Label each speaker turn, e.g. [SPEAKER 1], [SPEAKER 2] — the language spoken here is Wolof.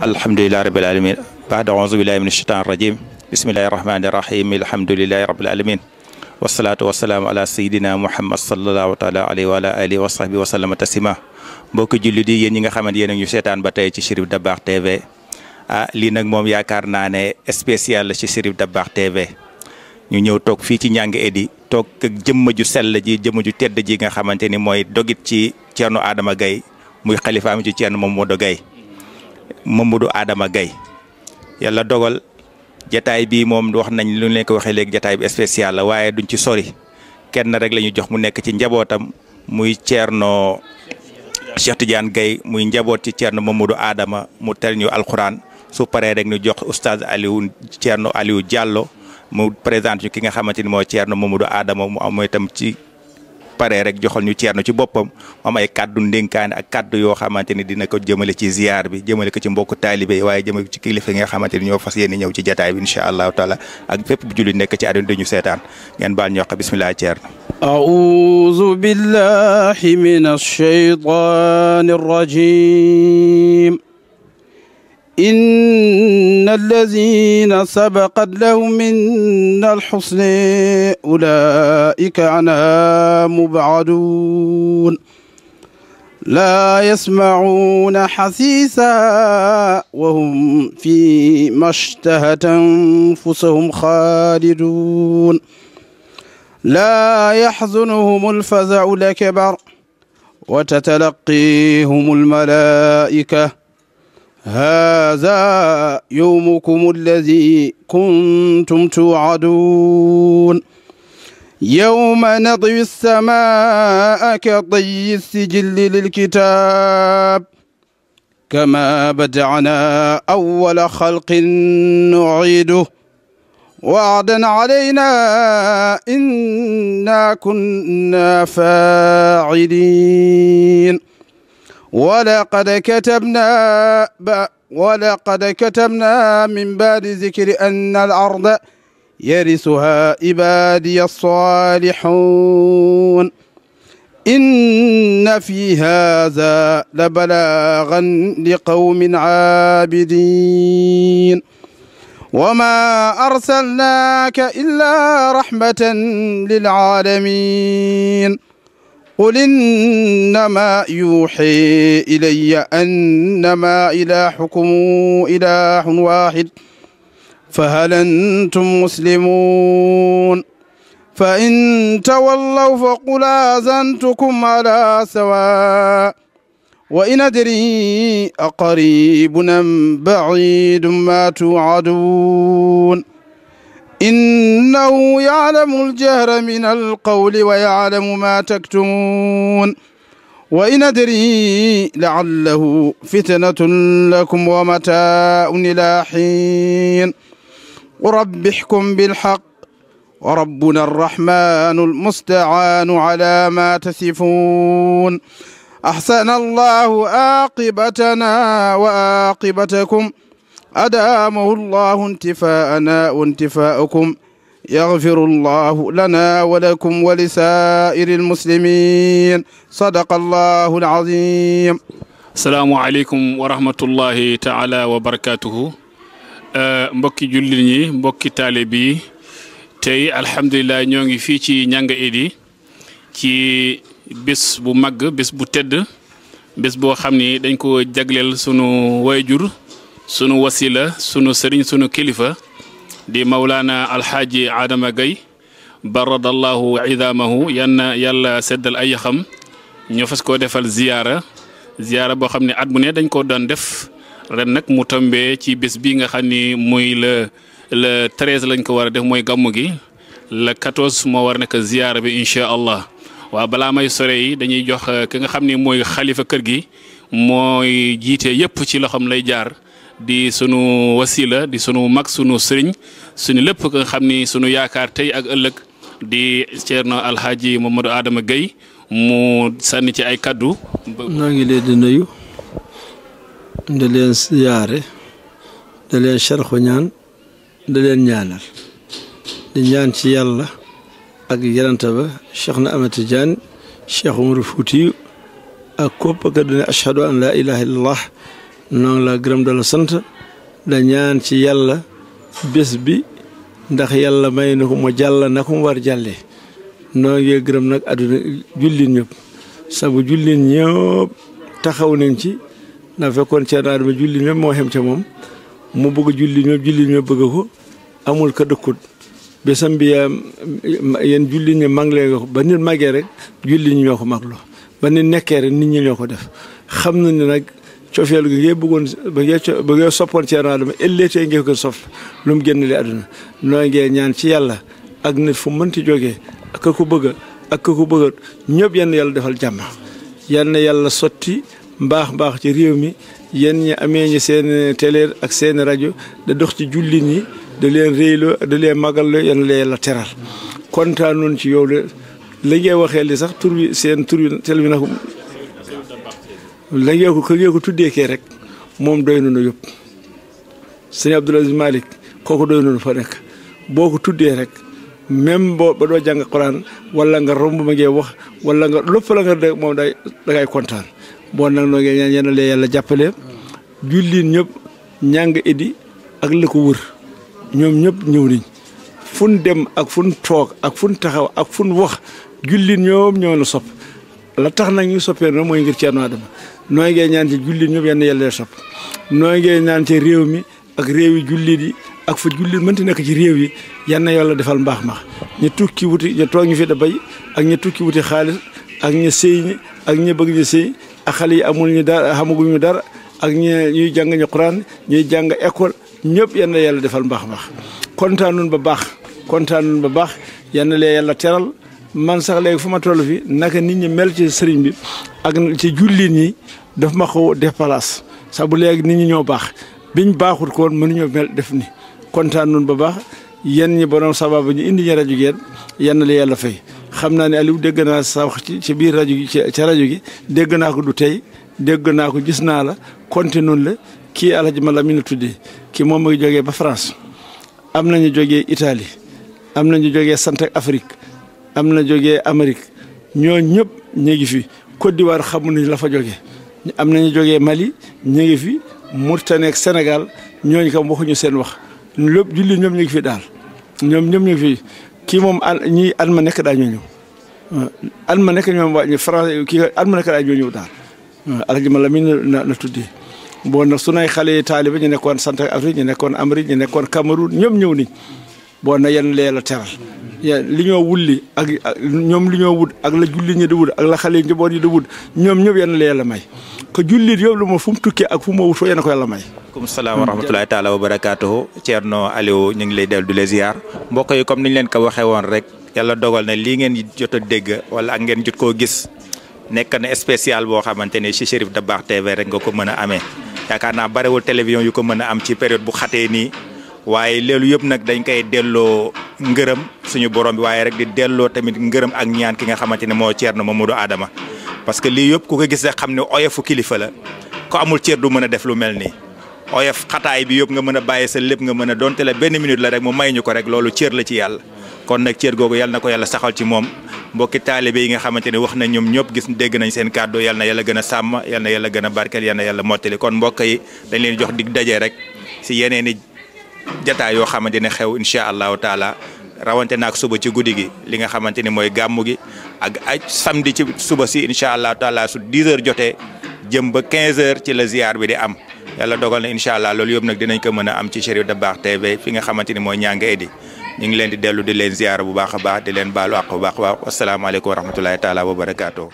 [SPEAKER 1] alhamdulilahi rabil alamin baada auzu billahi min ashaitan rajim bismillahi rahmani rahim alhamdulilahi alamin wasalaatu wasalaamu ala sayidina muhammad salallahu taala alayhi wa ala alihi wa sahbi wa sallama taslima mbokki jullit ñi nga xamante yéen ñu seetaan ba tey ci Chérif Dabakh TV ah lii nag moom yaakaar naa ne spécial la ci Chérif Dabakh TV ñu ñëw toog fii ci Nianga Edy toog jëmm ju sell ji jëmm ju tedd ji nga xamante ni mooy dogit ci Ceerno Adama Gaye muy xalifaam ci Ceerno Mamadou Gaye Mamadou Adama Gaye yàlla dogal jataay bii moom wax nañ lu leen waxee léegi jataay bi spécial la waaye duñ ci sori kenn rek la jox mu nekk ci njabootam muy Thierno Cheikh Tidiane Gaye muy njaboot ci Thierno Mamadou Adama mu ter ñu alxuraan su paree rek ñu jox oustaz Aliou Thierno Aliou Diallo mu présente ñu ki nga xamante ni mooy Thierno Mamadou Adama mu am mooy ci. paree rek joxal ñu ceerno ci boppam am ay kàddu ndénkaane ak kàddu yoo dina ko jëmale ci ziar bi jëmale ko ci mbokku taalibe yi waaye jëmale ko ci kilifa yi nga xamante ni ñoo fas yéene ñëw ci jataay bi incha allahu taala ak fépp bu julli ci àdduna dañu seetaan ngeen baal ñoo xam bisimilah ceerno
[SPEAKER 2] أعوذ بالله من الشيطان إن الذين سبقت لهم منا الحسنى أولئك عنها مبعدون لا يسمعون حسيسا وهم فيما اشتهت أنفسهم خالدون لا يحزنهم الفزع الأكبر وتتلقيهم الملائكة هذا يومكم الذي كنتم توعدون يوم نطوي السماء كطي السجل للكتاب كما بدعنا أول خلق نعيده وعدا علينا إنا كنا فاعلين ولقد كتبنا ولقد كتبنا من بعد ذكر أن الأرض يرثها عبادي الصالحون إن في هذا لبلاغا لقوم عابدين وما أرسلناك إلا رحمة للعالمين قل إنما يوحي إلي أنما إلهكم إله واحد فهل أنتم مسلمون فإن تولوا فقل آذنتكم على سواء وإن أدري أقريب أم بعيد ما توعدون إنه يعلم الجهر من القول ويعلم ما تكتمون وإن أدري لعله فتنة لكم ومتاع إلى حين ورب احكم بالحق وربنا الرحمن المستعان على ما تصفون أحسن الله عاقبتنا وعاقبتكم أدامه الله انتفاءنا وانتفاءكم يغفر الله لنا ولكم ولسائر المسلمين صدق الله العظيم
[SPEAKER 3] السلام عليكم ورحمة الله تعالى وبركاته mbokki jullit ñi mbokki taalibe tey alhamdulilah ñoo ngi fii ci Nianga Edy bu màgg bés bu tedd bés boo xam ni dañ ko jagleel sunu wayjur sunu wasila sunu sëriñ sunu kilifa di mawlaana alxaaji Adama Gaye baradallahu idaamahu yan na yàlla seddal ay yaxam ñoo fas koo defal ziyaara ziyaara boo xam ne at mu ne dañ ko doon def ren nag mu tombee ci bés bi nga xam ni muy le le treize lañ ko war a def mooy gàmmu gi le quatorze moo war nekk ziyaara bi incha allah waaw balaa may sore yi dañuy jox ki nga xam ni mooy xalifa kër gi mooy jiite yépp ci loxoom lay jaar di sunu wasila di sunu mag sunu sëriñ sunu lépp nga xam ni sunu yaakaar tey ak ëllëg di Ceerno Alxaaji Mamadou Adama Gueye mu sànni ci ay kàddu
[SPEAKER 4] noo ngi leen di nuyu da leen siyaare da leen sharxu ñaan da leen ñaanal di ñaan ci yàlla ak yaranta ba Cheikh na Amati Diagne Cheikh Umar Fuutiyu ak képp ka du ne ashhadu an laa ilaaha noo la gërëm dala sant da ñaan ci yàlla bés bi ndax yàlla may na ko mu jàll na ko mu war jàlle noo ngi gërëm nag àdduna jullit ñëpp sabu jullit ñëpp taxaw nañ ci ndax fekkoon Ceerno Adama jullit ñëpp moo xem ca moom mu bëgg jullit ñëpp bëgg ko amul ka dëkkut bésam bi yéen jullit ñi màglee nga ko ba nit màggee rek jullit ñi ñoo ko màgloo ba nit nekkee rek nit ñi ñoo ko def xam nañ ne nag cofeel gi ngay bëggoon ba ngay ba ngay soppoon Ceerno Adama ëlleetee ngay ko sopp lu mu génn li àdduna noo ngee ñaan ci yàlla ak nit fu mënti jógee ak ku bëgg ak ku bëgg ñëpp yenn yàlla defal jàmm yenn yàlla sotti mbaax mbaax ci réew mi yéen ñi amee ñi seen télé ak seen rajo da dox ci jullit ñi da leen réyloo da leen magalloo yéen la yàlla teral kontaanoon ci yow la li ngay waxee li sax tur bi seen tur bi télé bi nag la ngee ko kër ko tuddee kee rek moom doy na nu yëpp sëñ Abdul Aziz kooku doy na fa nekk boo ko tuddee rek même boo ba doo jàng Quraan wala nga romb ma ngee wax walla nga lépp la nga dégg moom day dangay kontaan boo nag noo ngi ñaan yéen yàlla jàppale. jullit ñëpp ñàng idi ak la ko wër ñoom ñëpp ñëw nañ fun dem ak fun toog ak fun taxaw ak fun wax jullit ñoom ñoo la sopp la tax nag ñu soppee noonu mooy ngir Ceerno Adama nooy ngay ñaan ci jullit ñëpp yenn yàlla sopp nooy ngay ñaan ci réew mi ak réew yi jullit yi ak fa jullit mënti nekk ci réew yi yan na defal mbaax mbaax ñu tukki wuti ñu toog ñu fi da bay ak ñu tukki wuti xaalis ak ñu sëy ñi ak ñu bëgg ñu sëy ak xale yi amul ñu dara xamaguñu dara ak ñu ñuy jàng ñu Quraan ñuy jàng école ñëpp yan na yàlla defal mbaax mbaax kontaanoon ba baax kontaanoon ba baax man sax léegi fu ma toll fi naka nit ñi mel ci sëriñ bi ak ci jullit ñi daf ma ko de place sax bu léegi nit ñi ñoo baax biñ baaxut koon mënuñoo mel def ni kontaan nun ba baax yenn ñi borom sababu ñu indi ñu rajo gi yenn la yàlla fay xam naa ne Aliou dégg naa sa wax ci ci biir rajo gi ci rajo gi dégg naa ko du tey dégg naa ko gis naa la konte noonu la kii Alhaji ma la mi na tuddee kii moom mu ngi jógee ba France am nañu jógee Italie am nañu jógee Centre Afrique am na jógee Amérique ñoo ñëpp ñu ngi fi Côte d'Ivoire xamu nañ la fa jógee am nañu jógee Mali ñu ngi fi Mauritanie ak Sénégal ñooñu kam waxuñu seen wax lépp julli ñoom ñu ngi fi daal ñoom ñoom ñu fi kii moom al ñii al ma nekk daa ñoo ñëw al ma nekk ñoom waa français kii al ma nekk daa ñoo ñëw daal alaji ma la mi na la tuddee bon su nay xale yi taaliba ñu nekkoon Centrafrique ñu nekkoon Amérique ñu nekkoon Cameroun ñoom ñëw ni boo na yan lee teral li ñoo wulli ak ñoom li ñoo wut ak la julli ñi di wut ak la xale njaboot yi di wut ñoom ñëpp yéen la yàlla may ko jullit yëpp lu ma fu mu tukkee ak fu ma wut foo yéen a ko yàlla may alaykum
[SPEAKER 1] salaam wa rahmatulahi taala wa barakaatuhu Thierno Aliou ñu ngi lay dellu du la ziar mbokk yi comme niñ leen ko waxee woon rek yàlla dogal na lii ngeen jot a dégg wala ak ngeen jot koo gis nekk na spécial boo xamante ne ci Cherif Dabakh TV rek nga ko mën a amee yaakaar naa barewul télévision yu ko mën a am ci période bu xatee nii waaye loolu yëpp nag dañ koy delloo ngërëm suñu borom bi waaye rek di delloo tamit ngërëm ak ñaan ki nga xamante ne moo Thierno Mamadou Adama parce que lii yëpp ku ko gis rek xam ne oyofu kilifa la ku amul cër du mën a def lu mel nii oyof xataay bi yëpp nga mën a bàyyi sa lépp nga mën a donte la benn minute la rek mu may ñu ko rek loolu cër la ci yàlla kon nag cër googu yàlla na ko yàlla saxal ci moom mbokki taalibe yi nga xamante ne wax na ñoom ñëpp gis dégg nañ seen kàddu yàlla na yàlla a sàmm yàlla na yàlla a barkeel yàlla yàlla mottali kon mbokk yi dañ leen jox dig daje rek yeneen i jataay yoo xamante ne xew incha allahu taala rawante naak suba ci guddi gi li nga xamante ni mooy gàmmu gi ak aj samedi ci suba si incha allahu taala su 10 heures jotee jëm ba 15 heures ci la ziar bi di am yàlla dogal na incha allah loolu yëpp nag dinañ ko mën a am ci Cherif Dabakh TV fi nga xamante ni mooy Nianga Edy ñu ngi leen di dellu di leen ziar bu baax a baax di leen baalu àq bu baax a baax asalaamaaleykum wa rahmatulahi taala wa barakaatu.